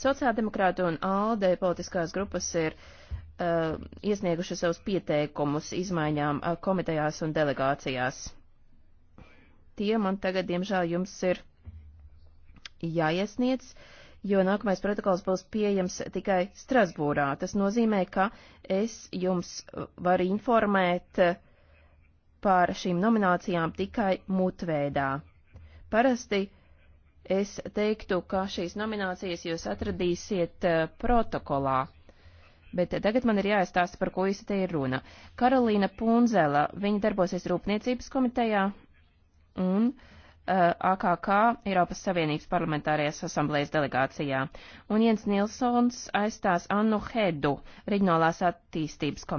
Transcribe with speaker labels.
Speaker 1: Sociāldemokrāta un ALDE politiskās grupas ir uh, iesnieguši savus pieteikumus izmaiņām uh, komitejās un delegācijās. Tie man tagad, diemžēl, jums ir jāiesniedz, jo nākamais protokols būs pieejams tikai Strasbūrā. Tas nozīmē, ka es jums eh, varu informēt par šīm nominācijām tikai mutveidā. Parasti uh, Es teiktu, ka šīs nominācijas jūs atradīsiet eh, protokolā. Bet tagad man ir jāizstāsta, par ko īsti te ir runa. Karolīna Punzela, viņa darbosies Rūpniecības komitejā un uh, eh, AKK Eiropas Savienības parlamentārajās asamblējas delegācijā. Un Jens Nilsons aizstās Annu Hedu, reģionālās attīstības komitejā.